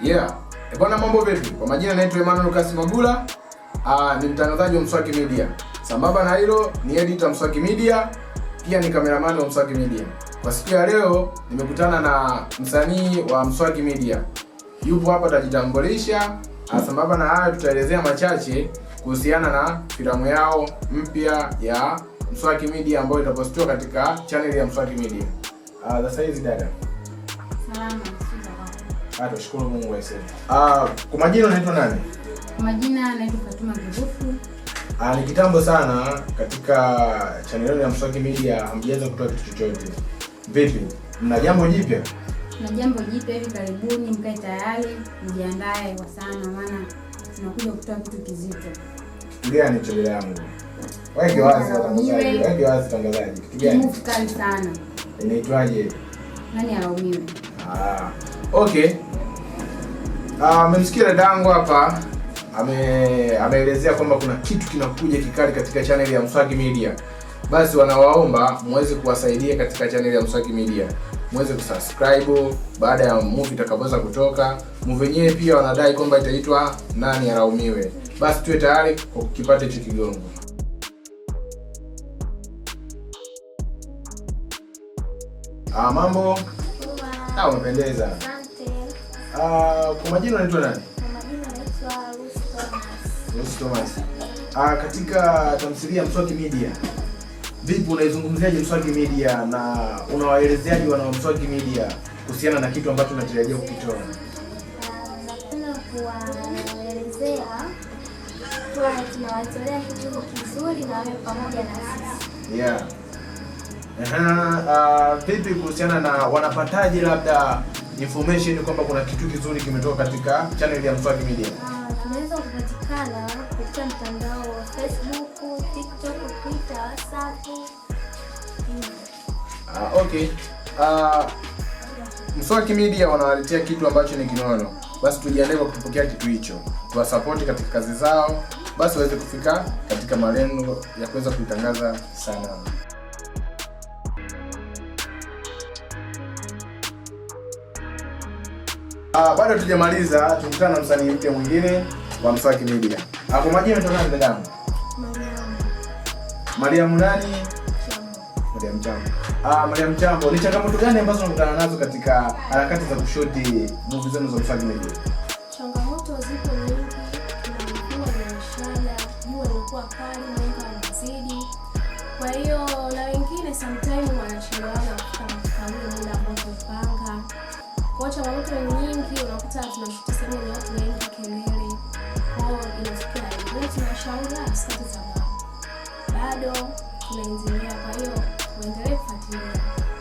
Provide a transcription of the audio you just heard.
Yeah. Eh, bwana, mambo vipi? Kwa majina naitwa Emmanuel Lucas Magula. Ah, ni mtangazaji wa Mswaki Media. Sambamba na hilo ni editor Mswaki Media, pia ni cameraman wa Mswaki Media. Kwa siku ya leo nimekutana na msanii wa Mswaki Media. Yupo hapa atajitambulisha. Ah, sambamba na hayo tutaelezea machache kuhusiana na filamu yao mpya ya Mswaki Media ambayo itapostiwa katika channel ya Mswaki Media. Ah, sasa hizi dada. Salama. Hata shukuru Mungu aise. Ah, kwa majina unaitwa nani? Kwa majina naitwa Fatuma Kibufu. Ah, ni kitambo sana katika channel ya Mswaki Media hamjaweza kutoa kitu chochote. Vipi? Mna jambo jipya? Tuna jambo jipya hivi karibuni, mkae tayari, mjiandae kwa sana maana tunakuja kutoa kitu kizito. Kitu gani hicho bila yangu? Weke wazi watangazaji, weke wazi watangazaji. Kitu gani? Mkali sana. Inaitwaje? Nani alaumiwe? Ah, okay. Amemsikia ah, dadangu hapa ame- ameelezea kwamba kuna kitu kinakuja kikali katika channel ya Mswaki Media. Basi wanawaomba muweze kuwasaidia katika channel ya Mswaki Media, muweze kusubscribe baada ya movie itakapoweza kutoka. Movie yenyewe pia wanadai kwamba itaitwa nani alaumiwe. Basi tuwe tayari kwa kipate hicho kigongo. Ah, mambo Ah, umependeza. Asante. Ah, kwa majina unaitwa nani? Kwa majina naitwa Lucy Thomas. Lucy Thomas. Ah, katika tamthilia Mswaki Media. Vipi unaizungumziaje Mswaki Media na unawaelezeaje wana Mswaki Media kuhusiana na kitu ambacho unatarajia kukitoa? Napenda kuwaelezea kuwa tunawatolea kitu kizuri na wewe pamoja na sisi. Yeah. Eh, ah, vipi kuhusiana na wanapataje labda information kwamba kuna kitu kizuri kimetoka katika channel ya Mswaki Media? Ah, tunaweza kupatikana kupitia mtandao wa Facebook, TikTok, Twitter, Safi. Ah, okay. Ah, Mswaki Media wanawaletea kitu ambacho ni kinono, basi tujiandae kwa kupokea kitu hicho, tuwasapoti katika kazi zao, basi waweze kufika katika malengo ya kuweza kuitangaza sana Ah, bado tujamaliza, tukutana na msanii mpya mwingine wa Mswaki Media. Hapo ah, majina mtokana na damu. Maria nani? Maria Mchambo. Ah, Maria Mchambo, ni changamoto gani ambazo unakutana nazo katika harakati za kushoti movie zenu za Mswaki Media? Changamoto zipo Kwa hiyo na wengine sometimes wanachelewana kwao changamoto nyingi, unakuta tunashuti sehemu yenye watu wengi, kelele kwao, inafikia leo tunashauri askati sababu bado tunaendelea. Kwa hiyo uendelee kufuatilia.